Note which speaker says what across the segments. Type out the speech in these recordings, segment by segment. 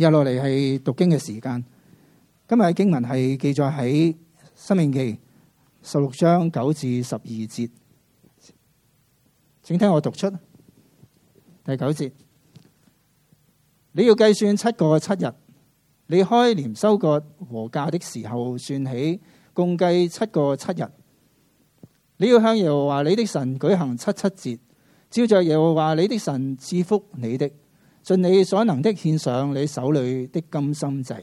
Speaker 1: 入落嚟係讀經嘅時間，今日嘅經文係記載喺《申命記》十六章九至十二節，請聽我讀出第九節：你要計算七個七日，你開鐮收割禾稼的時候算起，共計七個七日。你要向耶和華你的神舉行七七節，照着耶和華你的神賜福你的。盡你所能的獻上你手裏的甘心祭，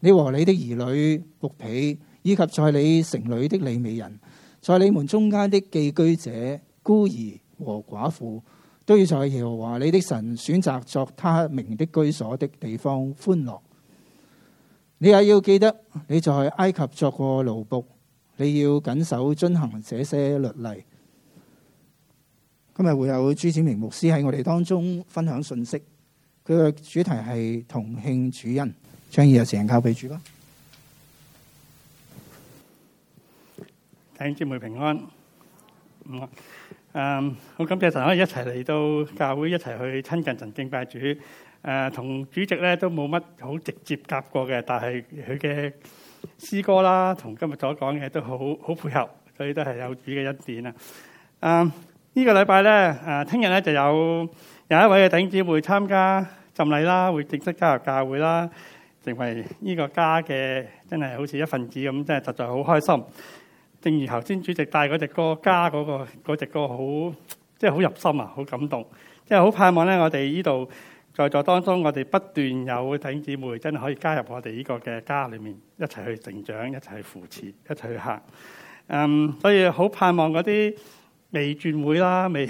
Speaker 1: 你和你的兒女、僕婢，以及在你城裏的利未人，在你們中間的寄居者、孤兒和寡婦，都要在耶和華你的神選擇作他名的居所的地方歡樂。你也要記得，你在埃及作過奴僕，你要謹守遵行這些律例。今日會有朱子明牧師喺我哋當中分享信息，佢嘅主題係同慶主恩，張儀又成交俾主啦。
Speaker 2: 弟兄姊妹平安。嗯，誒，好感謝神，可以一齊嚟到教會，一齊去親近神、敬拜主。誒，同主席咧都冇乜好直接夾過嘅，但係佢嘅詩歌啦，同今日所講嘅都好好配合，所以都係有主嘅恩典啊。嗯。呢個禮拜咧，誒，聽日咧就有有一位嘅弟兄姊妹參加浸禮啦，會正式加入教會啦，成為呢個家嘅，真係好似一份子咁，真係實在好開心。正如頭先主席帶嗰隻歌，家嗰個嗰隻歌好，即係好入心啊，好感動。即係好盼望咧，我哋呢度在座當中，我哋不斷有弟兄姊妹真係可以加入我哋呢個嘅家裡面，一齊去成長，一齊去扶持，一齊去行。嗯，所以好盼望嗰啲。未轉會啦，未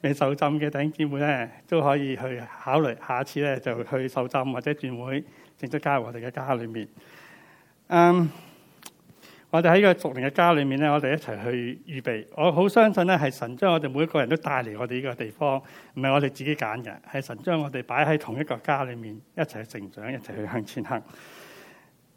Speaker 2: 未受浸嘅弟兄姊妹咧，都可以去考慮，下次咧就去受浸或者轉會，正式加入我哋嘅家裡面。嗯，um，我哋喺個熟齡嘅家裡面咧，我哋一齊去預備。我好相信咧，係神將我哋每一個人都帶嚟我哋呢個地方，唔係我哋自己揀嘅，係神將我哋擺喺同一個家裡面一齊去成長，一齊去向前行。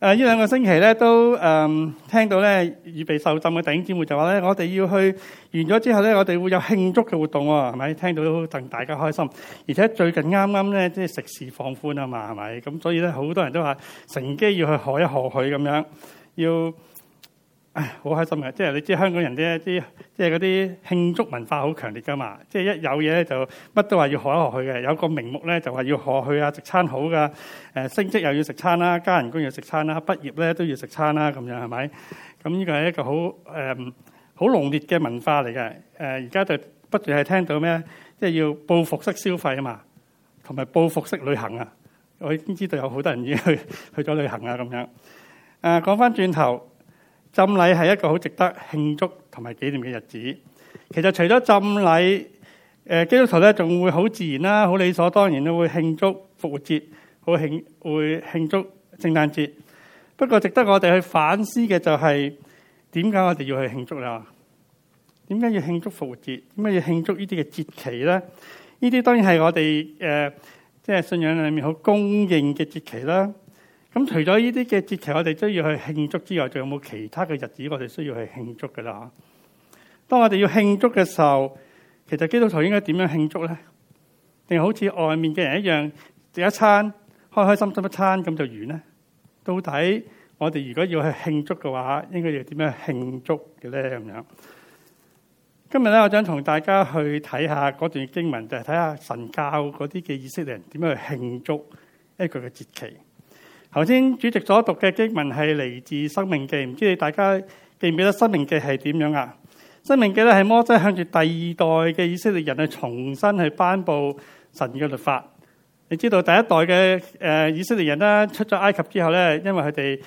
Speaker 2: 誒呢兩個星期咧都誒、嗯、聽到咧預備受浸嘅弟兄姊妹就話咧，我哋要去完咗之後咧，我哋會有慶祝嘅活動喎，係咪？聽到都戥大家開心，而且最近啱啱咧即係食肆放寬啊嘛，係咪？咁所以咧好多人都話乘機要去賀一賀佢咁樣，要。唉，好開心嘅。即係你知香港人啲即係嗰啲慶祝文化好強烈噶嘛，即係一有嘢咧就乜都話要學一學去嘅，有個名目咧就話要學去啊，食餐好噶、呃，升職又要食餐啦，加人工又要食餐啦，畢業咧都要食餐啦，咁樣係咪？咁呢個係一個好誒好濃烈嘅文化嚟嘅。誒而家就不斷係聽到咩，即係要報復式消費啊嘛，同埋報復式旅行啊，我已經知道有好多人已經去去咗旅行啊咁樣。誒講翻轉頭。浸禮係一個好值得慶祝同埋紀念嘅日子。其實除咗浸禮，誒基督徒咧仲會好自然啦，好理所當然都會慶祝復活節，會慶會慶祝聖誕節。不過值得我哋去反思嘅就係點解我哋要去慶祝啦？點解要慶祝復活節？點解要慶祝這些節呢啲嘅節期咧？呢啲當然係我哋誒即係信仰裏面好公認嘅節期啦。咁除咗呢啲嘅節期，我哋都要去慶祝之外，仲有冇其他嘅日子我哋需要去慶祝嘅啦？當我哋要慶祝嘅時候，其實基督徒應該點樣慶祝咧？定係好似外面嘅人一樣食一餐，開開心心一餐咁就完咧？到底我哋如果要去慶祝嘅話，應該要點樣慶祝嘅咧？咁樣今日咧，我想同大家去睇下嗰段經文，就係睇下神教嗰啲嘅以色列人點樣去慶祝一個嘅節期。頭先主席所讀嘅經文係嚟自《申命記》，唔知你大家記唔記得《申命記》係點樣啊？《申命記》咧係摩西向住第二代嘅以色列人去重新去頒布神嘅律法。你知道第一代嘅誒以色列人咧出咗埃及之後咧，因為佢哋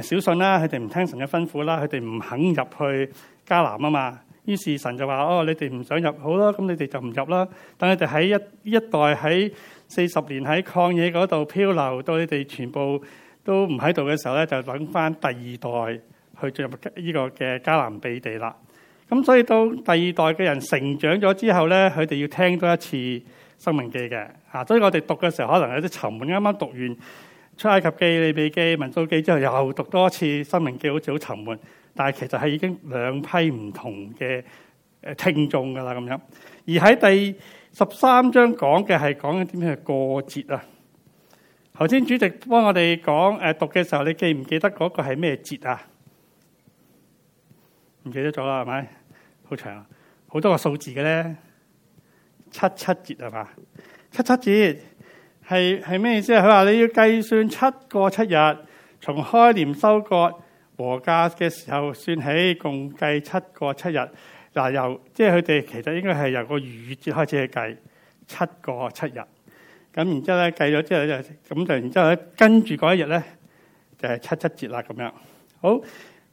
Speaker 2: 誒小信啦，佢哋唔聽神嘅吩咐啦，佢哋唔肯入去迦南啊嘛。於是神就話：哦，你哋唔想入，好啦，咁你哋就唔入啦。但係佢哋喺一一代喺四十年喺曠野嗰度漂流，到你哋全部都唔喺度嘅時候咧，就諗翻第二代去進入呢個嘅迦南美地啦。咁所以到第二代嘅人成長咗之後咧，佢哋要聽多一次《申命記》嘅。啊，所以我哋讀嘅時候可能有啲沉悶。啱啱讀完《出埃及記》《利未記》《民數記》之後，又讀多一次《申命記》，好似好沉悶。但係其實係已經兩批唔同嘅誒聽眾㗎啦，咁樣。而喺第十三章講嘅係講緊啲咩過節啊？頭先主席幫我哋講誒，讀嘅時候你記唔記得嗰個係咩節啊？唔記得咗啦，係咪好長，好多個數字嘅咧？七七節係嘛？七七節係係咩意思啊？佢話你要計算七個七日，從開鐮收割禾稼嘅時候算起，共計七個七日。嗱，由即係佢哋其實應該係由個雨節開始去計七個七日。咁然之後咧計咗之後就咁，就然之後喺跟住嗰一日咧就係七七節啦，咁樣。好，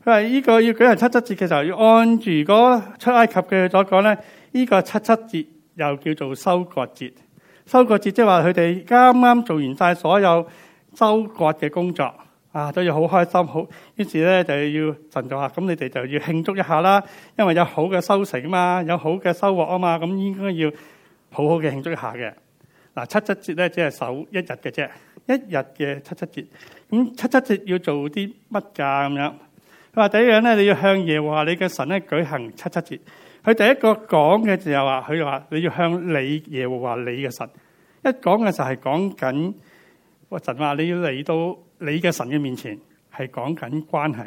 Speaker 2: 佢話依個要舉行七七節嘅時候要按住，如果出埃及嘅所講咧，依個七七節又叫做收割節。收割節即係話佢哋啱啱做完晒所有收割嘅工作啊，都要好開心，好於是咧就要神就話：咁你哋就要慶祝一下啦，因為有好嘅收成嘛，有好嘅收穫啊嘛，咁應該要好好嘅慶祝一下嘅。嗱，七七節咧，只係守一日嘅啫，一日嘅七七節。咁七七節要做啲乜噶咁樣？佢話第一樣咧，你要向耶和華你嘅神咧舉行七七節。佢第一個講嘅就係話，佢話你要向你耶和華你嘅神。一講嘅就係講緊，我神話你要嚟到你嘅神嘅面前，係講緊關係。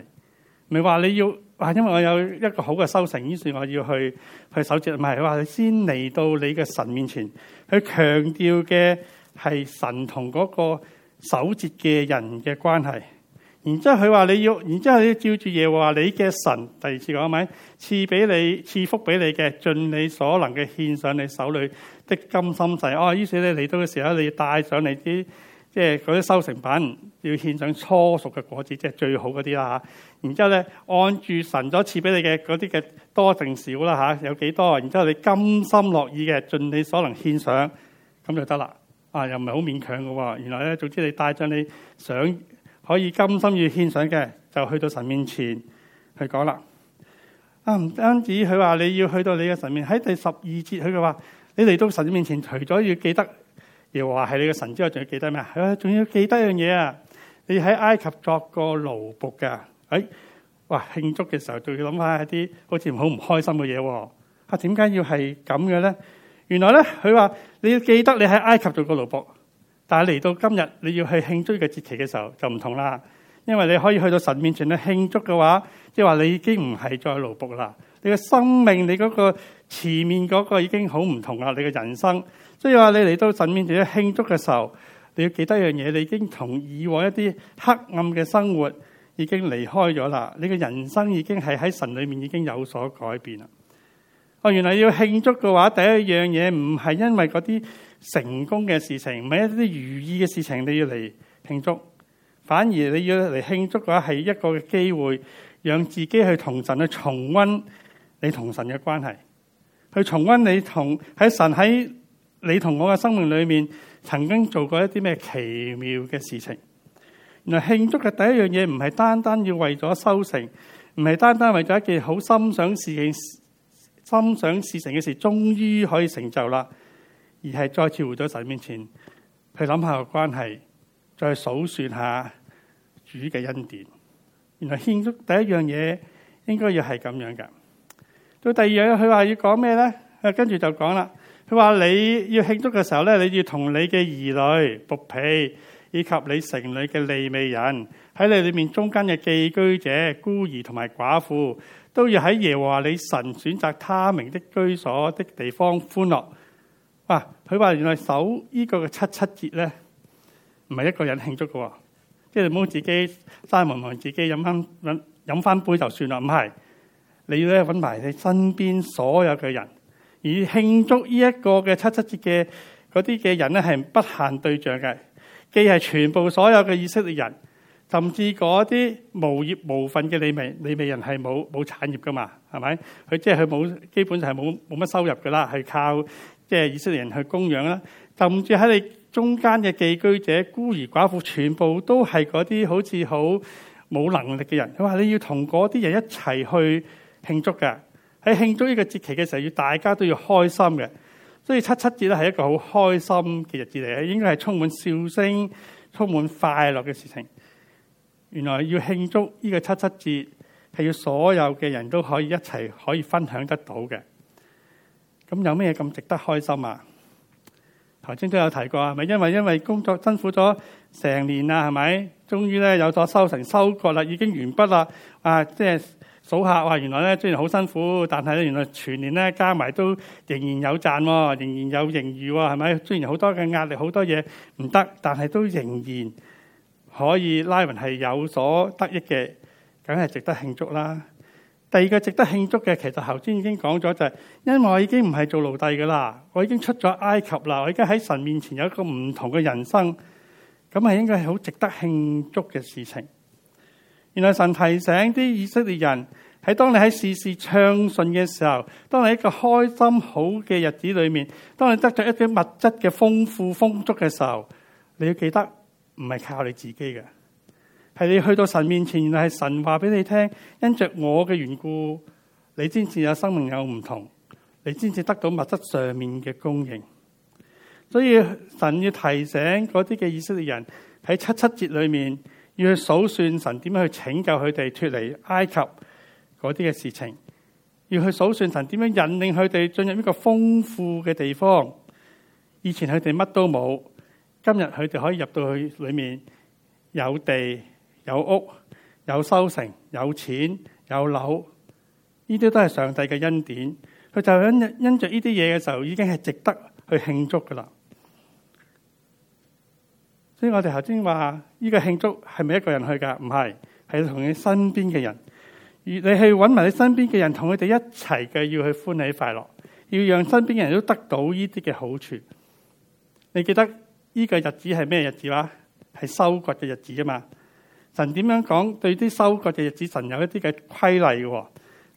Speaker 2: 唔係話你要，係因為我有一個好嘅收成，於是我要去去守節，唔係佢話你先嚟到你嘅神面前，佢強調嘅係神同嗰個守節嘅人嘅關係。然之後佢話你要，然之後你要照住耶和華你嘅神，第二次講，係咪？賜俾你，賜福俾你嘅，盡你所能嘅獻上你手裏的甘心祭。哦，於是你嚟到嘅時候，你要帶上你啲。即係嗰啲收成品，要獻上初熟嘅果子，即係最好嗰啲啦嚇。然之後咧，按住神所賜俾你嘅嗰啲嘅多定少啦嚇，有幾多？然之後你甘心樂意嘅，盡你所能獻上，咁就得啦。啊，又唔係好勉強嘅喎。原來咧，總之你帶上你想可以甘心要獻上嘅，就去到神面前去講啦。啊，唔單止佢話你要去到你嘅神面前，喺第十二節佢嘅話，你嚟到神面前，除咗要記得。又話係你個神之後仲要記得咩？誒，仲要記得一樣嘢啊！你喺埃及作個奴僕㗎。誒、哎，哇！慶祝嘅時候都要諗下一啲好似好唔開心嘅嘢喎。啊，點解要係咁嘅咧？原來咧，佢話你要記得你喺埃及做個奴僕。但係嚟到今日你要去慶祝嘅節期嘅時候就唔同啦。因為你可以去到神面前去慶祝嘅話，即係話你已經唔係再奴僕啦。你嘅生命，你嗰個前面嗰個已經好唔同啦，你嘅人生。所以話你嚟到神面前要慶祝嘅時候，你要記得一樣嘢，你已經同以往一啲黑暗嘅生活已經離開咗啦。你嘅人生已經係喺神裏面已經有所改變啦。哦，原來要慶祝嘅話，第一樣嘢唔係因為嗰啲成功嘅事情，唔係一啲如意嘅事情你要嚟慶祝，反而你要嚟慶祝嘅話係一個嘅機會，讓自己去同神去重溫你同神嘅關係，去重溫你同喺神喺。你同我嘅生命裏面，曾經做過一啲咩奇妙嘅事情？原來慶祝嘅第一樣嘢唔係單單要為咗收成，唔係單單為咗一件好心想事情、心想事成嘅事終於可以成就啦，而係再次回到神面前去諗下個關係，再數算下主嘅恩典。原來慶祝第一樣嘢應該要係咁樣㗎。到第二樣，佢話要講咩咧？誒，跟住就講啦。佢話你要慶祝嘅時候咧，你要同你嘅兒女、僕婢，以及你城裏嘅利未人，喺你裏面中間嘅寄居者、孤兒同埋寡婦，都要喺耶和華你神選擇他名的居所的地方歡樂。哇！佢話原來守呢個嘅七七節咧，唔係一個人慶祝嘅，即係唔好自己齋埋埋，自己飲翻飲翻杯就算啦，唔係，你要揾埋你身邊所有嘅人。而慶祝呢一個嘅七七節嘅嗰啲嘅人咧，係不限對象嘅，既係全部所有嘅以色列人，甚至嗰啲無業無份嘅利未利未人係冇冇產業噶嘛，係咪？佢即係佢冇基本上係冇冇乜收入噶啦，係靠即係以色列人去供養啦。甚至喺你中間嘅寄居者、孤兒寡婦，全部都係嗰啲好似好冇能力嘅人，佢話你要同嗰啲人一齊去慶祝㗎。喺慶祝呢個節期嘅時候，要大家都要開心嘅。所以七七節咧係一個好開心嘅日子嚟，應該係充滿笑聲、充滿快樂嘅事情。原來要慶祝呢個七七節，係要所有嘅人都可以一齊可以分享得到嘅。咁有咩咁值得開心啊？頭先都有提過，啊，咪因為因為工作辛苦咗成年啦，係咪？終於咧有咗收成、收割啦，已經完畢啦。啊，即係。數下，哇！原來咧雖然好辛苦，但係咧原來全年咧加埋都仍然有賺喎，仍然有盈餘喎，係咪？雖然好多嘅壓力，好多嘢唔得，但係都仍然可以拉人係有所得益嘅，梗係值得慶祝啦。第二個值得慶祝嘅，其實頭先已經講咗、就係，就係因為我已經唔係做奴隸噶啦，我已經出咗埃及啦，我而家喺神面前有一個唔同嘅人生，咁係應該係好值得慶祝嘅事情。原來神提醒啲以色列人，喺當你喺事事暢順嘅時候，當你一個開心好嘅日子裏面，當你得到一啲物質嘅豐富豐足嘅時候，你要記得唔係靠你自己嘅，係你去到神面前，原來係神話俾你聽，因着我嘅緣故，你先至有生命有唔同，你先至得到物質上面嘅供應。所以神要提醒嗰啲嘅以色列人喺七七節裏面。要去數算神點樣去拯救佢哋脫離埃及嗰啲嘅事情，要去數算神點樣引領佢哋進入呢個豐富嘅地方。以前佢哋乜都冇，今日佢哋可以入到去裏面，有地、有屋、有收成、有錢、有樓，呢啲都係上帝嘅恩典。佢就因因著呢啲嘢嘅時候，已經係值得去慶祝噶啦。所以我哋頭先話呢個慶祝係咪一個人去噶？唔係，係同你身邊嘅人。而你去揾埋你身邊嘅人，同佢哋一齊嘅要去歡喜快樂，要讓身邊嘅人都得到呢啲嘅好處。你記得呢、這個日子係咩日子嗎？係收割嘅日子啊嘛。神點樣講？對啲收割嘅日子，神有一啲嘅規例嘅喎。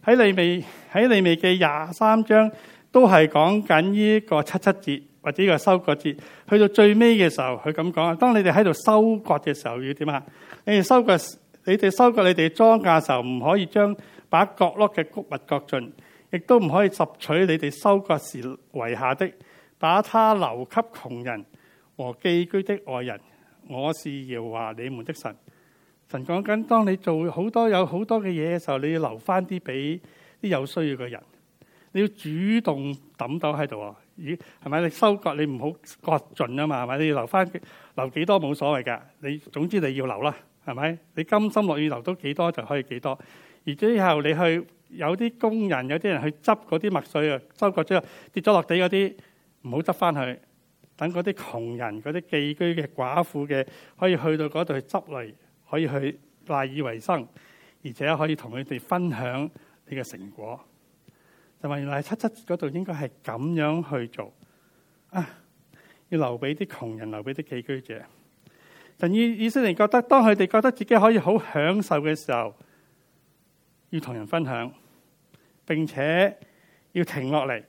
Speaker 2: 喺利未喺利未嘅廿三章都係講緊呢個七七節。或者呢個收割節，去到最尾嘅時候，佢咁講，當你哋喺度收割嘅時候，要點啊？你哋收割，你哋收割你哋莊稼嘅時候，唔可以將把角落嘅穀物割盡，亦都唔可以拾取你哋收割時遺下的，把它留給窮人和寄居的外人。我是耶和華你們的神，神講緊，當你做好多有好多嘅嘢嘅時候，你要留翻啲俾啲有需要嘅人，你要主動抌到喺度啊！咦，係咪、嗯、你收割你唔好割盡啊嘛？係咪你要留翻留幾多冇所謂嘅？你總之你要留啦，係咪？你甘心落雨留到幾多就可以幾多。而之後你去有啲工人，有啲人去執嗰啲墨水啊，收割之後跌咗落地嗰啲唔好執翻去，等嗰啲窮人、嗰啲寄居嘅寡婦嘅可以去到嗰度去執嚟，可以去賴以為生，而且可以同佢哋分享你嘅成果。就話原來七七節嗰度應該係咁樣去做啊，要留俾啲窮人，留俾啲寄居者。神以以色列覺得，當佢哋覺得自己可以好享受嘅時候，要同人分享，並且要停落嚟，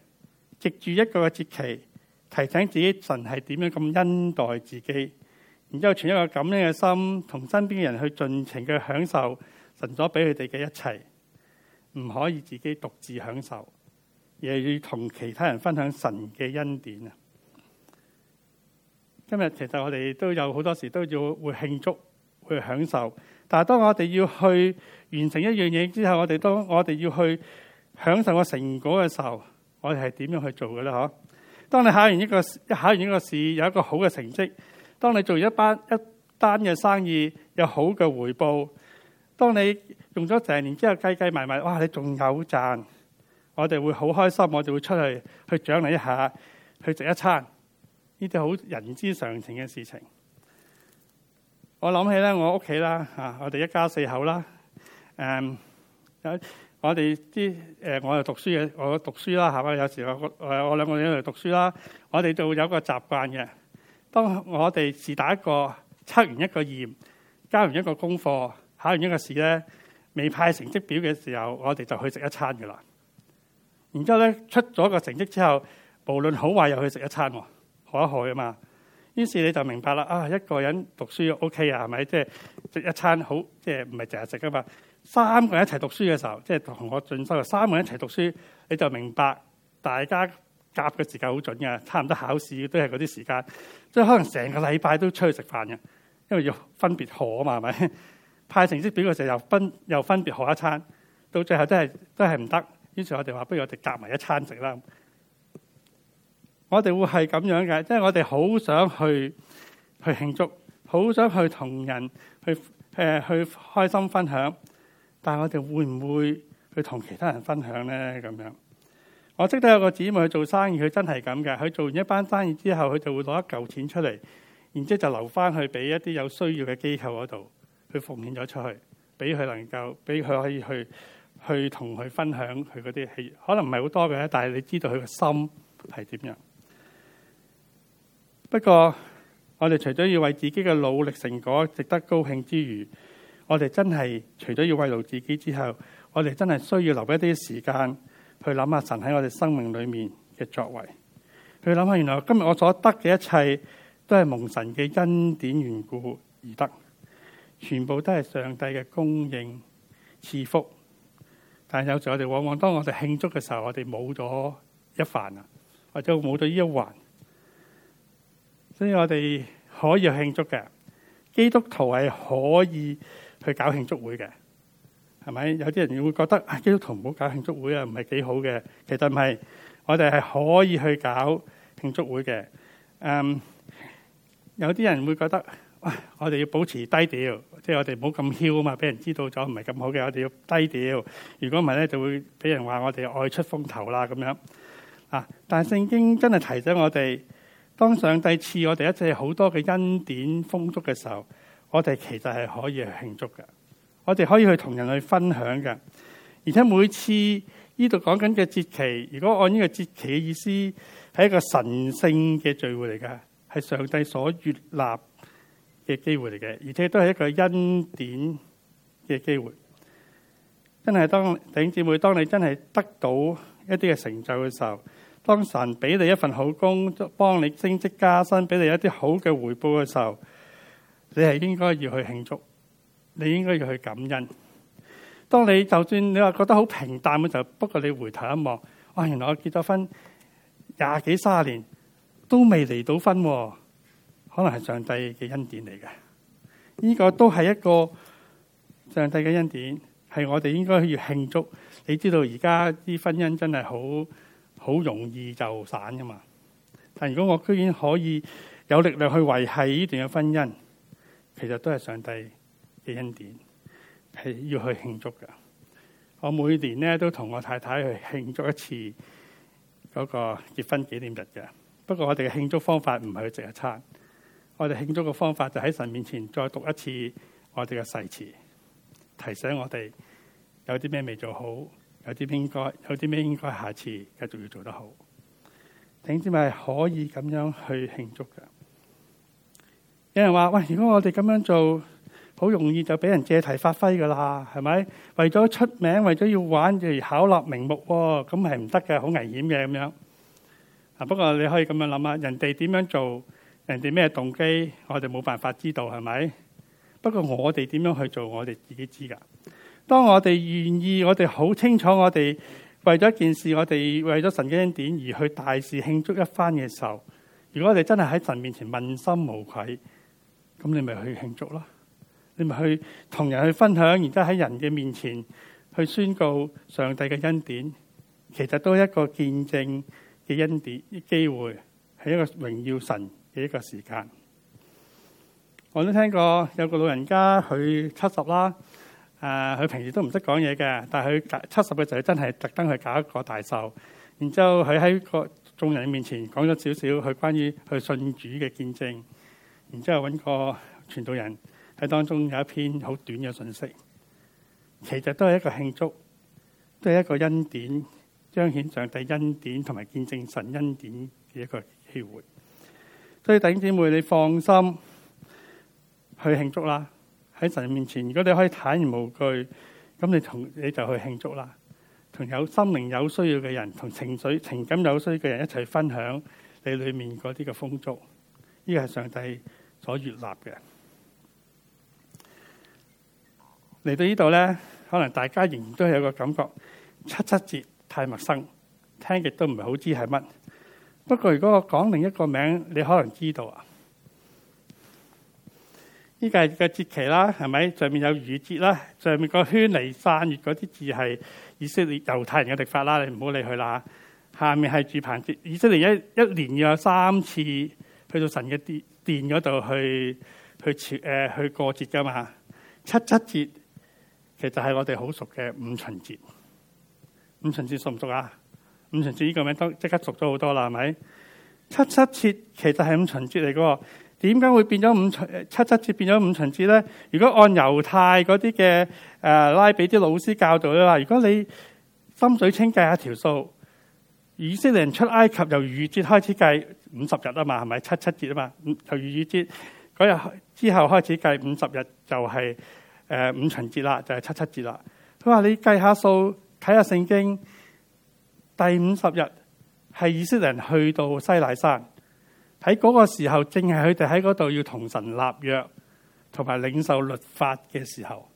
Speaker 2: 藉住一個個節期，提醒自己神係點樣咁恩待自己。然之後存一個感恩嘅心，同身邊嘅人去盡情嘅享受神所俾佢哋嘅一切，唔可以自己獨自享受。亦要同其他人分享神嘅恩典啊！今日其實我哋都有好多時都要會慶祝，會享受。但係當我哋要去完成一樣嘢之後我哋，我哋都我哋要去享受個成果嘅時候，我哋係點樣去做嘅咧？嗬！當你考完一個一考完一個試，有一個好嘅成績；當你做一班一單嘅生意有好嘅回報；當你用咗成年之後計計埋埋，哇！你仲有賺。我哋會好開心，我哋會出去去獎勵一下，去食一餐，呢啲好人之常情嘅事情。我諗起咧，我屋企啦嚇，我哋一家四口啦，誒、嗯，我哋啲誒，我哋讀書嘅，我讀書啦嚇，有時候我我我兩個女喺度讀書啦，我哋就會有一個習慣嘅。當我哋自打一個測完一個驗，交完一個功課，考完一個試咧，未派成績表嘅時候，我哋就去食一餐嘅啦。然之後咧，出咗個成績之後，無論好壞又去食一餐，學一學啊嘛。於是你就明白啦，啊一個人讀書 OK 啊，係咪？即係食一餐好，即係唔係成日食啊嘛。三個人一齊讀書嘅時候，即係同學進修三個人一齊讀書，你就明白大家夾嘅時間好準噶，差唔多考試都係嗰啲時間。即係可能成個禮拜都出去食飯嘅，因為要分別學啊嘛，係咪？派成績表嘅時候又分又分別學一餐，到最後都係都係唔得。於是，我哋話不如我哋夾埋一餐食啦。我哋會係咁樣嘅，即係我哋好想去去慶祝，好想去同人去誒、呃、去開心分享。但係我哋會唔會去同其他人分享呢？咁樣，我識得有個姊妹去做生意，佢真係咁嘅。佢做完一班生意之後，佢就會攞一嚿錢出嚟，然之後就留翻去俾一啲有需要嘅機構嗰度去奉獻咗出去，俾佢能夠，俾佢可以去。去同佢分享佢嗰啲戲，可能唔係好多嘅，但係你知道佢個心係點樣。不過我哋除咗要為自己嘅努力成果值得高興之餘，我哋真係除咗要慰勞自己之後，我哋真係需要留一啲時間去諗下神喺我哋生命裏面嘅作為。去諗下，原來今日我所得嘅一切都係蒙神嘅恩典緣故而得，全部都係上帝嘅供應賜福。但係有時我哋往往當我哋慶祝嘅時候，我哋冇咗一環啊，或者冇咗呢一環，所以我哋可以去慶祝嘅。基督徒係可以去搞慶祝會嘅，係咪？有啲人會覺得啊，基督徒唔好搞慶祝會啊，唔係幾好嘅。其實唔係，我哋係可以去搞慶祝會嘅。嗯，有啲人會覺得。我哋要保持低調，即、就、係、是、我哋唔好咁囂嘛，俾人知道咗唔係咁好嘅。我哋要低調，如果唔係咧，就會俾人話我哋愛出風頭啦。咁樣啊，但係聖經真係提醒我哋，當上帝賜我哋一啲好多嘅恩典豐足嘅時候，我哋其實係可，可以去慶祝嘅，我哋可以去同人去分享嘅。而且每次呢度講緊嘅節期，如果按呢個節期嘅意思，係一個神聖嘅聚會嚟噶，係上帝所悅納嘅機會嚟嘅，而且都係一個恩典嘅機會。真係當弟兄姊妹，當你真係得到一啲嘅成就嘅時候，當神俾你一份好工，幫你升職加薪，俾你一啲好嘅回報嘅時候，你係應該要去慶祝，你應該要去感恩。當你就算你話覺得好平淡嘅時候，不過你回頭一望，哇！原來我結咗婚廿幾卅年都未離到婚喎。可能係上帝嘅恩典嚟嘅，呢個都係一個上帝嘅恩典，係我哋應該要慶祝。你知道而家啲婚姻真係好好容易就散噶嘛？但如果我居然可以有力量去維繫呢段嘅婚姻，其實都係上帝嘅恩典，係要去慶祝㗎。我每年咧都同我太太去慶祝一次嗰個結婚紀念日嘅。不過我哋嘅慶祝方法唔係去食一餐。我哋慶祝嘅方法就喺神面前再讀一次我哋嘅誓詞，提醒我哋有啲咩未做好，有啲應該有啲咩應該下次繼續要做得好。頂知咪可以咁樣去慶祝嘅。有人話喂，如果我哋咁樣做，好容易就俾人借題發揮噶啦，係咪？為咗出名，為咗要玩而巧立名目，咁係唔得嘅，好危險嘅咁樣。啊，不過你可以咁樣諗下，人哋點樣做？人哋咩動機，我哋冇辦法知道，係咪？不過我哋點樣去做，我哋自己知噶。當我哋願意，我哋好清楚，我哋為咗一件事，我哋為咗神嘅恩典而去大事慶祝一番嘅時候，如果我哋真係喺神面前問心無愧，咁你咪去慶祝咯。你咪去同人去分享，然之後喺人嘅面前去宣告上帝嘅恩典，其實都係一個見證嘅恩典機會，係一個榮耀神嘅一個時間，我都聽過有個老人家佢七十啦，誒、啊，佢平時都唔識講嘢嘅，但係佢七十嘅時候，真係特登去搞一個大壽，然之後佢喺個眾人面前講咗少少佢關於佢信主嘅見證，然之後揾個傳道人喺當中有一篇好短嘅信息，其實都係一個慶祝，都係一個恩典彰顯上帝恩典同埋見證神恩典嘅一個機會。所以弟兄姊妹，你放心去慶祝啦！喺神面前，如果你可以坦然無懼，咁你同你就去慶祝啦。同有心靈有需要嘅人，同情緒情感有需要嘅人一齊分享你裏面嗰啲嘅豐足，呢個係上帝所悅納嘅。嚟到呢度呢，可能大家仍然都有個感覺，七七節太陌生，聽極都唔係好知係乜。不過如果我講另一個名，你可能知道啊！呢個嘅節期啦，係咪上面有逾節啦？上面個圈嚟散閱嗰啲字係以色列猶太人嘅歷法啦，你唔好理佢啦。下面係住棚節，以色列一一年要有三次去到神嘅殿嗰度去去全誒、呃、去過節噶嘛？七七節其實係我哋好熟嘅五旬節，五旬節熟唔熟啊？五旬節呢個名都即刻熟咗好多啦，係咪？七七節其實係五旬節嚟噶。點解會變咗五旬，七七節變咗五旬節咧？如果按猶太嗰啲嘅誒拉比，啲老師教導嘅話，如果你心水清，計下條數，以色列人出埃及由逾節開始計五十日啊嘛，係咪七七節啊嘛？由逾越節嗰日之後開始計五十日就係、是、誒、呃、五旬節啦，就係、是、七七節啦。佢話你計下數睇下聖經。第五十日係以色列人去到西奈山，喺嗰個時候，正係佢哋喺嗰度要同神立約，同埋領受律法嘅時候。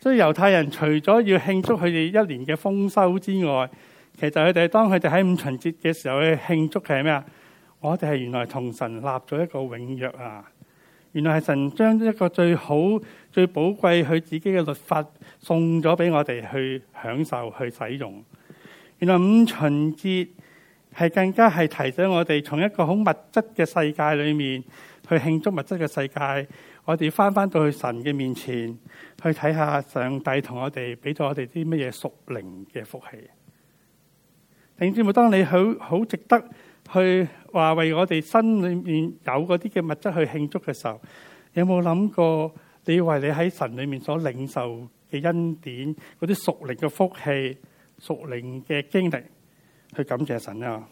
Speaker 2: 所以猶太人除咗要慶祝佢哋一年嘅豐收之外，其實佢哋當佢哋喺五旬節嘅時候去慶祝嘅係咩啊？我哋係原來同神立咗一個永約啊！原來係神將一個最好、最寶貴佢自己嘅律法送咗俾我哋去享受、去使用。原來五旬節係更加係提醒我哋，從一個好物質嘅世界裏面去慶祝物質嘅世界，我哋翻翻到去神嘅面前，去睇下上帝同我哋俾咗我哋啲乜嘢屬靈嘅福氣。甚至乎當你好好值得去話為我哋身裏面有嗰啲嘅物質去慶祝嘅時候，有冇諗過你為你喺神裏面所領受嘅恩典，嗰啲屬靈嘅福氣？屬靈嘅經歷去感謝神啊。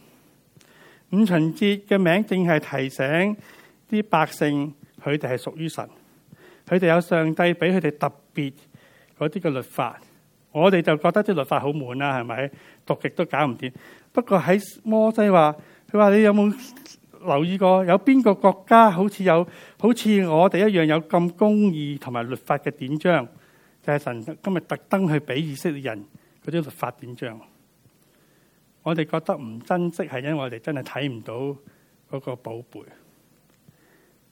Speaker 2: 五旬節嘅名字正係提醒啲百姓，佢哋係屬於神，佢哋有上帝俾佢哋特別嗰啲嘅律法。我哋就覺得啲律法好悶啦，係咪讀極都搞唔掂？不過喺摩西話，佢話你有冇留意過？有邊個國家好似有好似我哋一樣有咁公義同埋律法嘅典章？就係、是、神今日特登去俾以色列人。嗰啲律法點樣？我哋覺得唔珍惜，係因為我哋真係睇唔到嗰個寶貝。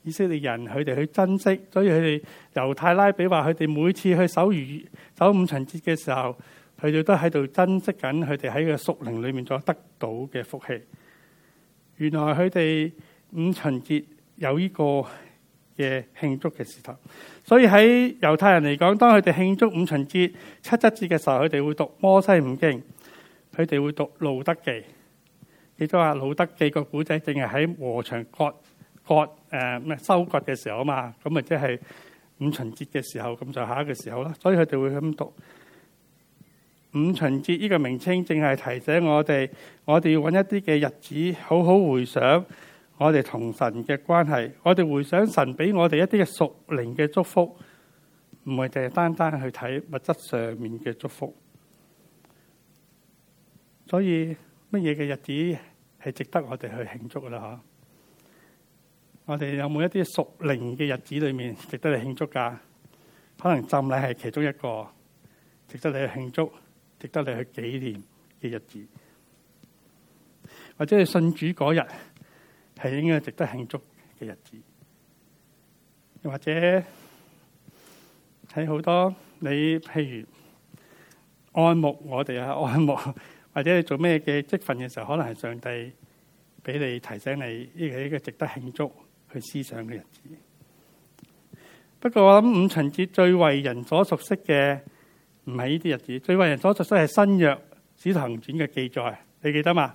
Speaker 2: 以色列人佢哋去珍惜，所以佢哋猶太拉比話，佢哋每次去守逾守五旬節嘅時候，佢哋都喺度珍惜緊佢哋喺個屬靈裏面所得到嘅福氣。原來佢哋五旬節有呢、呢個。嘅慶祝嘅時候，所以喺猶太人嚟講，當佢哋慶祝五旬節、七七節嘅時候，佢哋會讀摩西五經，佢哋會讀路德記。亦都話路德記個古仔淨係喺禾場割割誒咩、呃、收割嘅時候啊嘛，咁咪即係五旬節嘅時候，咁就下一個時候啦，所以佢哋會咁讀五旬節呢個名稱，淨係提醒我哋，我哋要揾一啲嘅日子，好好回想。我哋同神嘅關係，我哋回想神俾我哋一啲嘅屬靈嘅祝福，唔係淨係單單去睇物質上面嘅祝福。所以乜嘢嘅日子係值得我哋去慶祝㗎喇？吓，我哋有冇一啲屬靈嘅日子裏面值得你慶祝㗎？可能浸禮係其中一個值得你去慶祝、值得你去紀念嘅日子，或者係信主嗰日。係應該係值得慶祝嘅日子，又或者喺好多你譬如按牧我哋啊，按牧或者你做咩嘅職份嘅時候，可能係上帝俾你提醒你呢個係一個值得慶祝去思想嘅日子。不過我諗五旬節最為人所熟悉嘅唔係呢啲日子，最為人所熟悉係新約使徒行傳嘅記載，你記得嘛？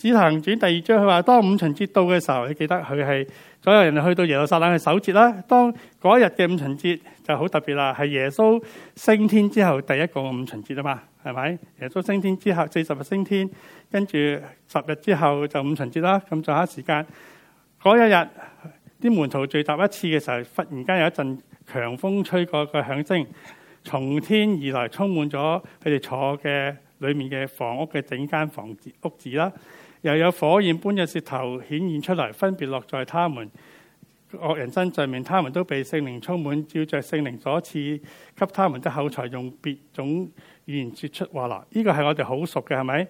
Speaker 2: 使徒行傳第二章，佢話：當五旬節到嘅時候，你記得佢係所有人去到耶路撒冷去守節啦。當嗰一日嘅五旬節就好特別啦，係耶穌升天之後第一個五旬節啊嘛，係咪？耶穌升天之後四十日升天，跟住十日之後就五旬節啦。咁就下時間嗰一日，啲門徒聚集一次嘅時候，忽然間有一陣強風吹過嘅響聲，從天而來，充滿咗佢哋坐嘅裏面嘅房屋嘅整間房子屋子啦。又有火焰般嘅舌頭顯現出嚟，分別落在他們惡人身上面。他們都被聖靈充滿，照着聖靈所賜給他們的口才，用別種語言說出話嚟。呢、這個係我哋好熟嘅，係咪？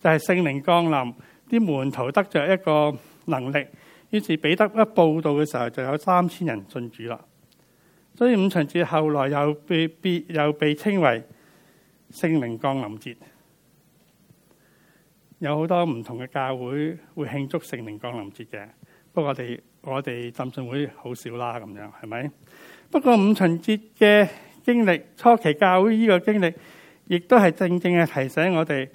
Speaker 2: 就係、是、聖靈降臨，啲門徒得着一個能力，於是彼得一報道嘅時候，就有三千人信主啦。所以五旬節後來又被又被，又被稱為聖靈降臨節。有好多唔同嘅教會會慶祝聖靈降臨節嘅，不過我哋我哋浸信會好少啦，咁樣係咪？不過五旬節嘅經歷，初期教會呢個經歷，亦都係正正嘅提醒我哋，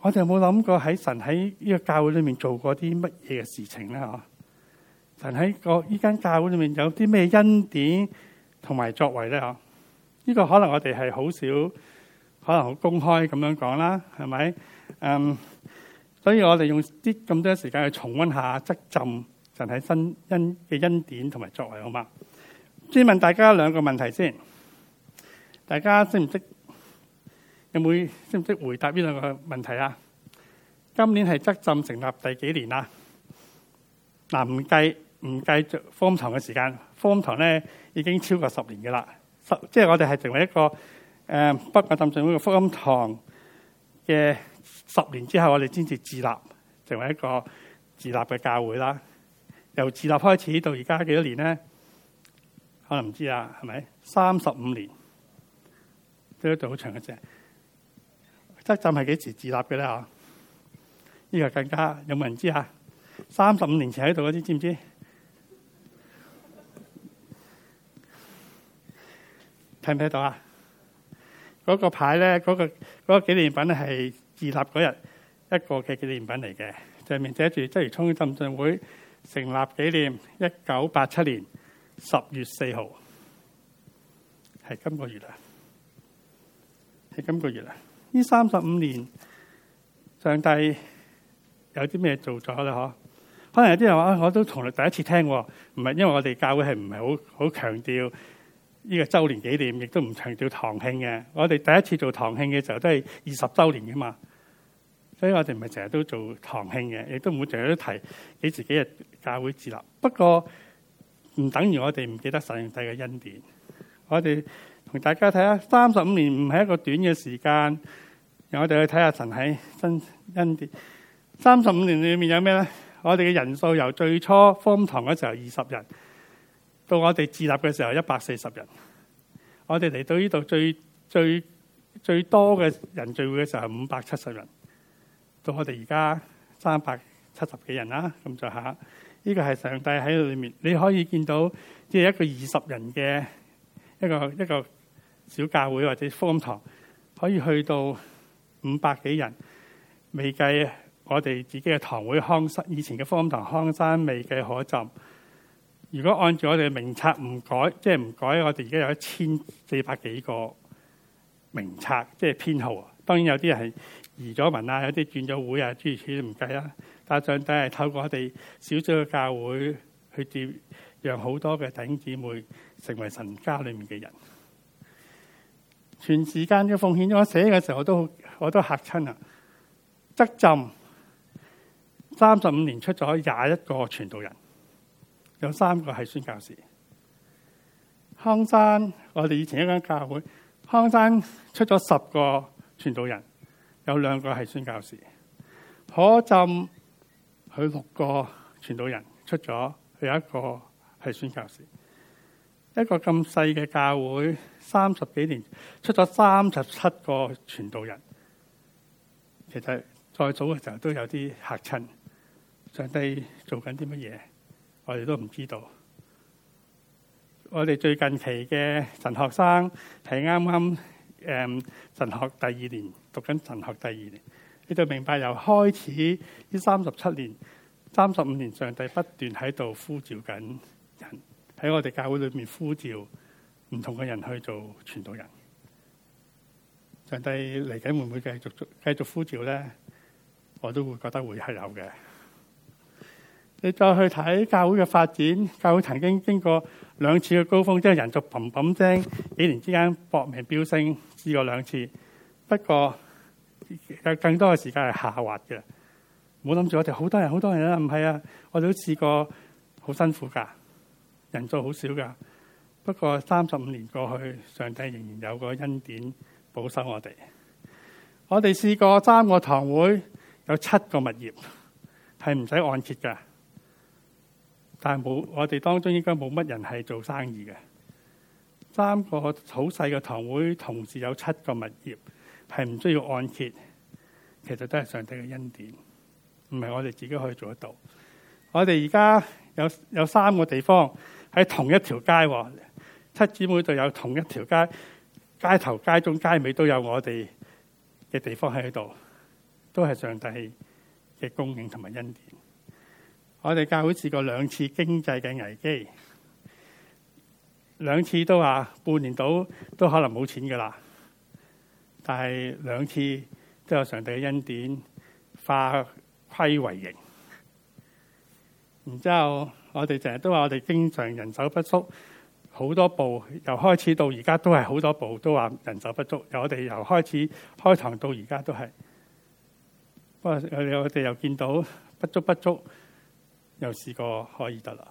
Speaker 2: 我哋有冇諗過喺神喺呢個教會裏面做過啲乜嘢嘅事情咧？嗬，神喺個呢間教會裏面有啲咩恩典同埋作為咧？嗬，呢個可能我哋係好少。可能好公開咁樣講啦，係咪？嗯、um，所以我哋用啲咁多時間去重溫下執浸神喺新恩嘅恩典同埋作為，好嗎？先問大家兩個問題先，大家識唔識？有冇識唔識回答呢兩個問題啊？今年係執浸成立第幾年啊？嗱，唔計唔計方堂嘅時間，方堂呢已經超過十年嘅啦。十即係我哋係成為一個。誒、嗯、北角浸信會福音堂嘅十年之後，我哋先至自立成為一個自立嘅教會啦。由自立開始到而家幾多年咧？可能唔知啊，係咪三十五年？都一度好長嘅啫。德浸係幾時自立嘅咧？啊，呢個更加有冇人知啊？三十五年前喺度嗰啲知唔知道？聽唔聽到啊？嗰個牌咧，嗰、嗰個嗰、嗰個，紀念品咧係自立嗰日一個嘅紀念品嚟嘅，上面寫住周如聰浸信會成立紀念，一九八七年十月四號，係今個月啊，係今個月啊！呢三十五年，上帝有啲咩做咗咧？嗬，可能有啲人話我都從來第一次聽，唔係因為我哋教會係唔係好好強調。呢個周年紀念亦都唔強調堂慶嘅。我哋第一次做堂慶嘅時候都係二十週年嘅嘛，所以我哋唔係成日都做堂慶嘅，亦都唔會成日都提幾自己嘅教會自立。不過唔等於我哋唔記得神帝嘅恩典。我哋同大家睇下，三十五年唔係一個短嘅時間，讓我哋去睇下神喺恩恩典。三十五年裏面有咩咧？我哋嘅人數由最初荒唐嗰時候二十人。到我哋自立嘅時候一百四十人，我哋嚟到呢度最最最多嘅人聚會嘅時候係五百七十人，到我哋而家三百七十幾人啦，咁就下，呢、這個係上帝喺裏面，你可以見到即係一個二十人嘅一個一個小教會或者福音堂，可以去到五百幾人，未計我哋自己嘅堂會康山以前嘅福音堂康山未計可浸。如果按照我哋名冊唔改，即係唔改，我哋而家有一千四百幾個名冊，即係編號。當然有啲係移咗民啊，有啲轉咗會啊，諸如此類唔計啦。但係上帝係透過我哋小組嘅教會去接，讓好多嘅弟兄姊妹成為神家裏面嘅人。全時間嘅奉獻，我寫嘅時候我都我都嚇親啊，德浸三十五年出咗廿一個傳道人。有三個係宣教士，康山我哋以前一間教會，康山出咗十個傳道人，有兩個係宣教士。可浸佢六個傳道人出咗佢，有一個係宣教士。一個咁細嘅教會，三十幾年出咗三十七個傳道人，其實再早嘅時候都有啲嚇親。上帝做緊啲乜嘢？我哋都唔知道。我哋最近期嘅神學生係啱啱誒，神學第二年讀緊神學第二年，你就明白由開始呢三十七年，三十五年，上帝不斷喺度呼召緊人，喺我哋教會裏面呼召唔同嘅人去做傳道人。上帝嚟緊會唔會繼續繼續呼召咧？我都會覺得會係有嘅。你再去睇教會嘅發展，教會曾經經過兩次嘅高峰，即係人數嘭嘭聲，幾年之間搏命飆升試過兩次，不過有更多嘅時間係下滑嘅。冇諗住我哋好多人，好多人啊，唔係啊，我哋都試過好辛苦㗎，人數好少㗎。不過三十五年過去，上帝仍然有個恩典保守我哋。我哋試過三個堂會，有七個物業係唔使按揭㗎。但係冇，我哋當中應該冇乜人係做生意嘅。三個好細嘅堂會同時有七個物業，係唔需要按揭，其實都係上帝嘅恩典，唔係我哋自己可以做得到。我哋而家有有三個地方喺同一條街，七姊妹度有同一條街，街頭、街中、街尾都有我哋嘅地方喺度，都係上帝嘅供應同埋恩典。我哋教會試過兩次經濟嘅危機，兩次都話半年到都可能冇錢噶啦，但係兩次都有上帝嘅恩典化虧為盈。然之後我哋成日都話我哋經常人手不足，好多部由開始到而家都係好多部都話人手不足。我哋由開始開堂到而家都係，不過我哋又見到不足不足。又試過可以得啦。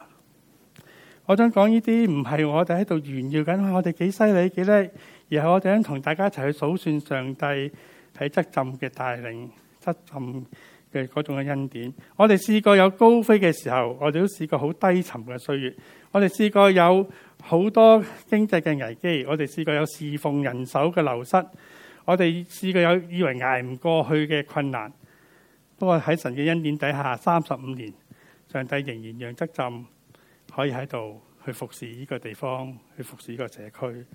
Speaker 2: 我想講呢啲唔係我哋喺度炫耀緊，我哋幾犀利幾叻，而係我哋想同大家一齊去數算上帝喺側浸嘅帶領、側浸嘅嗰種嘅恩典。我哋試過有高飛嘅時候，我哋都試過好低沉嘅歲月。我哋試過有好多經濟嘅危機，我哋試過有侍奉人手嘅流失，我哋試過有以為捱唔過去嘅困難。不過喺神嘅恩典底下，三十五年。上帝仍然讓執浸可以喺度去服侍呢個地方，去服侍呢個社區。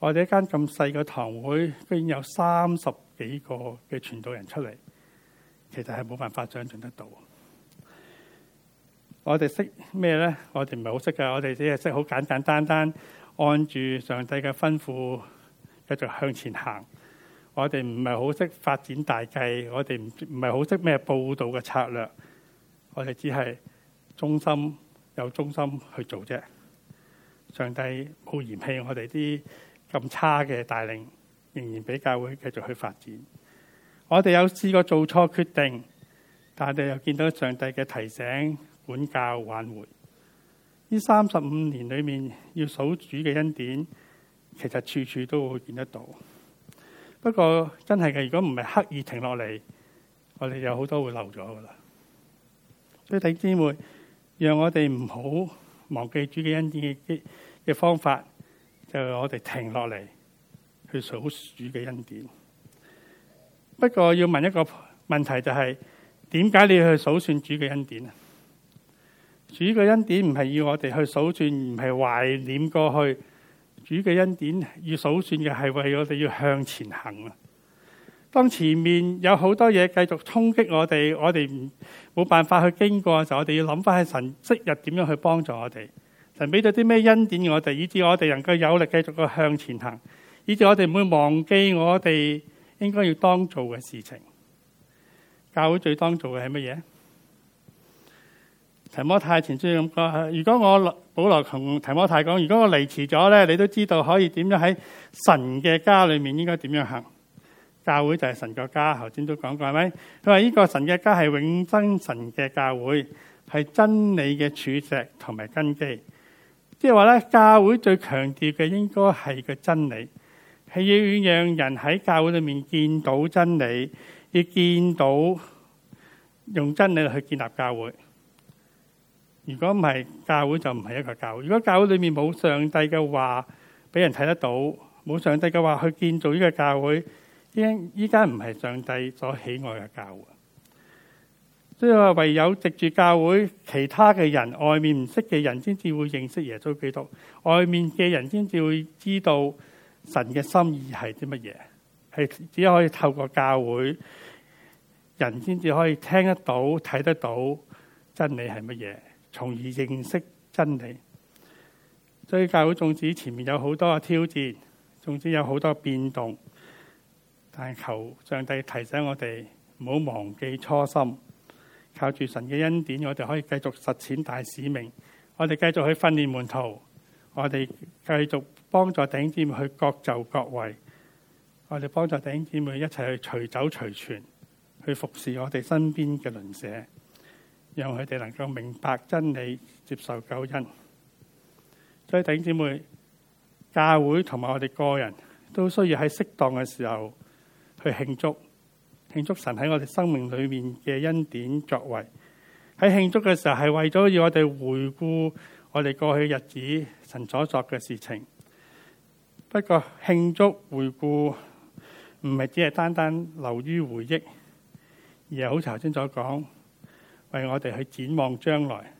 Speaker 2: 我哋一間咁細嘅堂會，居然有三十幾個嘅傳道人出嚟，其實係冇辦法想象得到的。我哋識咩呢？我哋唔係好識嘅。我哋只係識好簡簡單單，單按住上帝嘅吩咐，繼續向前行。我哋唔係好識發展大計，我哋唔唔係好識咩報道嘅策略。我哋只係忠心，有忠心去做啫。上帝冇嫌棄我哋啲咁差嘅帶領，仍然俾教會繼續去發展。我哋有試過做錯決定，但係又見到上帝嘅提醒、管教、挽回。呢三十五年裏面，要數主嘅恩典，其實處處都會見得到。不過真係嘅，如果唔係刻意停落嚟，我哋有好多會漏咗噶啦。畀啲機會讓我哋唔好忘記主嘅恩典嘅方法，就係我哋停落嚟去數主嘅恩典。不過要問一個問題就係，點解你要去數算主嘅恩典啊？主嘅恩典唔係要我哋去數算，唔係懷念過去。主嘅恩典要數算嘅係為我哋要向前行啊！當前面有好多嘢繼續衝擊我哋，我哋唔冇辦法去經過嘅時候，就我哋要諗翻係神即日點樣去幫助我哋，神俾咗啲咩恩典我哋，以至我哋能夠有力繼續去向前行，以至我哋唔會忘記我哋應該要當做嘅事情。教會最當做嘅係乜嘢？提摩太前書咁講，如果我保羅同提摩太講，如果我嚟遲咗咧，你都知道可以點樣喺神嘅家裏面應該點樣行。教會就係神嘅家，頭先都講過係咪？佢話呢個神嘅家係永生神嘅教會，係真理嘅柱石同埋根基。即係話咧，教會最強調嘅應該係個真理，係要讓人喺教會裏面見到真理，要見到用真理去建立教會。如果唔係，教會就唔係一個教會。如果教會裏面冇上帝嘅話俾人睇得到，冇上帝嘅話去建造呢個教會。依家唔係上帝所喜愛嘅教會，所以話唯有籍住教會，其他嘅人外面唔識嘅人先至會認識耶穌基督，外面嘅人先至會知道神嘅心意係啲乜嘢，係只可以透過教會，人先至可以聽得到、睇得到真理係乜嘢，從而認識真理。所以教會總之前面有好多嘅挑戰，總之有好多變動。但求上帝提醒我哋唔好忘記初心，靠住神嘅恩典，我哋可以繼續實踐大使命。我哋繼續去訓練門徒，我哋繼續幫助弟兄姊妹去各就各位。我哋幫助弟兄姊妹一齊去隨走隨傳，去服侍我哋身邊嘅鄰舍，讓佢哋能夠明白真理，接受救恩。所以弟兄姊妹，教會同埋我哋個人都需要喺適當嘅時候。去慶祝，慶祝神喺我哋生命裏面嘅恩典。作為喺慶祝嘅時候，係為咗要我哋回顧我哋過去嘅日子，神所作嘅事情。不過慶祝回顧唔係只係單單留於回憶，而係好似頭先所講，為我哋去展望將來，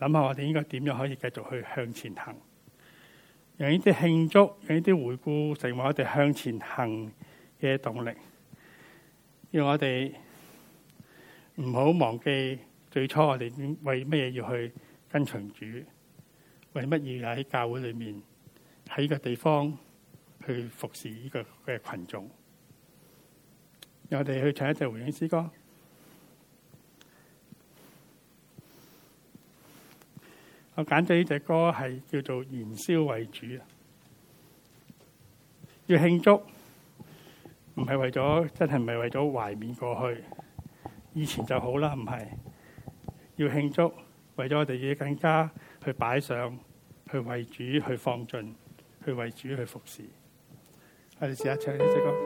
Speaker 2: 諗下我哋應該點樣可以繼續去向前行。用呢啲慶祝，用呢啲回顧，成為我哋向前行嘅動力，要我哋唔好忘記最初我哋為乜嘢要去跟隨主，為乜嘢喺教會裏面喺個地方去服侍呢個嘅群眾。我哋去唱一隻回應詩歌。我揀咗呢隻歌係叫做燃燒為主啊，要慶祝。唔係為咗真係唔係為咗懷緬過去，以前就好啦，唔係要慶祝，為咗我哋要更加去擺上去為主，去放進去為主去服侍。我哋試下唱一首歌。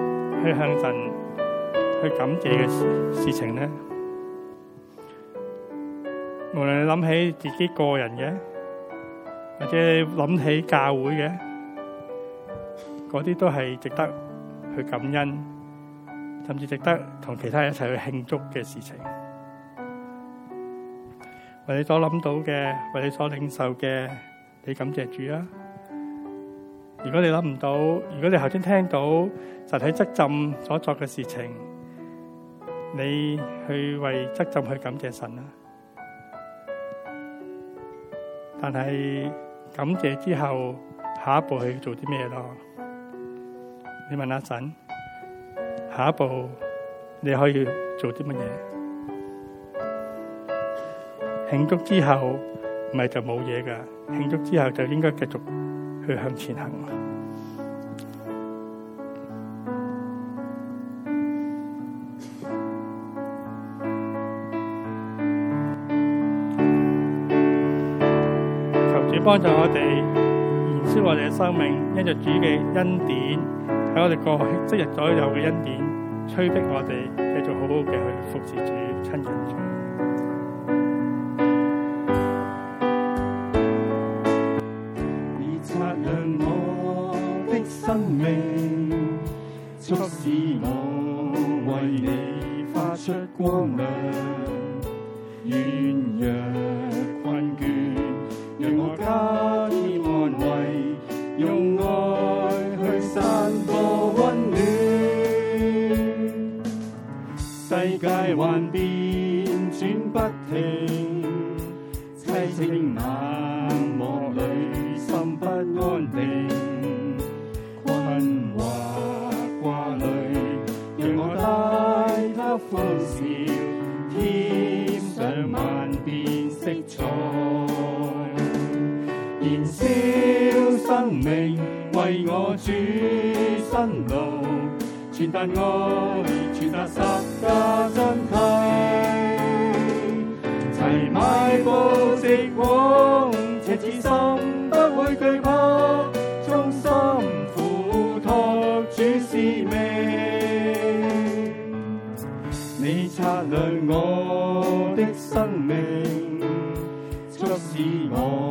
Speaker 2: 去向神去感謝嘅事情咧，無論你諗起自己個人嘅，或者諗起教會嘅，嗰啲都係值得去感恩，甚至值得同其他人一齊去慶祝嘅事情。為你所諗到嘅，為你所領受嘅，你感謝主啊！如果你諗唔到，如果你頭先聽到神喺執浸所作嘅事情，你去為執浸去感謝神啦。但係感謝之後，下一步去做啲咩咯？你問阿、啊、神，下一步你可以做啲乜嘢？慶祝之後，咪就冇嘢㗎。慶祝之後，就應該繼續。去向前行。求主幫助我哋燃燒我哋嘅生命，因着主嘅恩典喺我哋過去昔日左右嘅恩典，催逼我哋繼續好好嘅去服侍主、親近主。
Speaker 3: 燃燒生命，為我主申路，傳達愛，傳達十架真諦。齊邁步直往，赤子心不會懼怕，衷心付託主使命。你擦亮我的生命，促使我。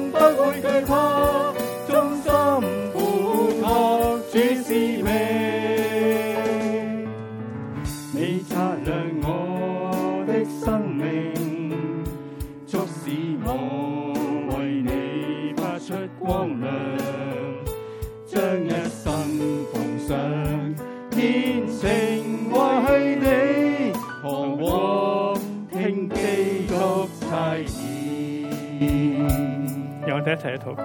Speaker 3: 將一生奉上，虔誠為你，何往聽基督
Speaker 2: 太言。讓我哋一齊一禱告。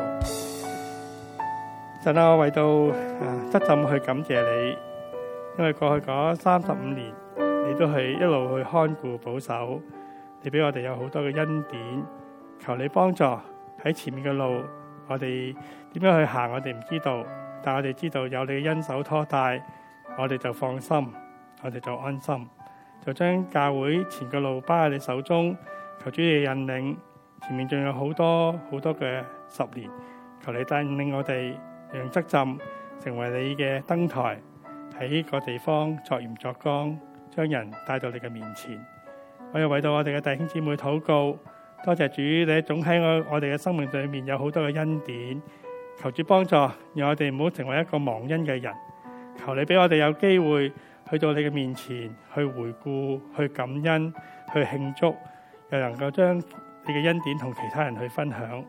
Speaker 2: 神啊，為到得盡去感謝你，因為過去嗰三十五年，你都係一路去看顧、保守，你俾我哋有好多嘅恩典。求你幫助喺前面嘅路。我哋點樣去行，我哋唔知道，但我哋知道有你嘅恩手拖帶，我哋就放心，我哋就安心，就將教會前個路包喺你手中，求主你嘅引領。前面仲有好多好多嘅十年，求你帶領我哋，讓執浸成為你嘅燈台，喺呢個地方作鹽作光，將人帶到你嘅面前。我又為到我哋嘅弟兄姊妹禱告。多謝主，你總喺我我哋嘅生命裏面有好多嘅恩典。求主幫助，讓我哋唔好成為一個忘恩嘅人。求你俾我哋有機會去到你嘅面前，去回顧、去感恩、去慶祝，又能夠將你嘅恩典同其他人去分享。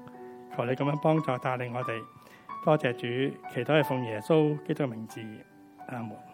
Speaker 2: 求你咁樣幫助帶領我哋。多謝主，祈禱係奉耶穌基督嘅名字，阿門。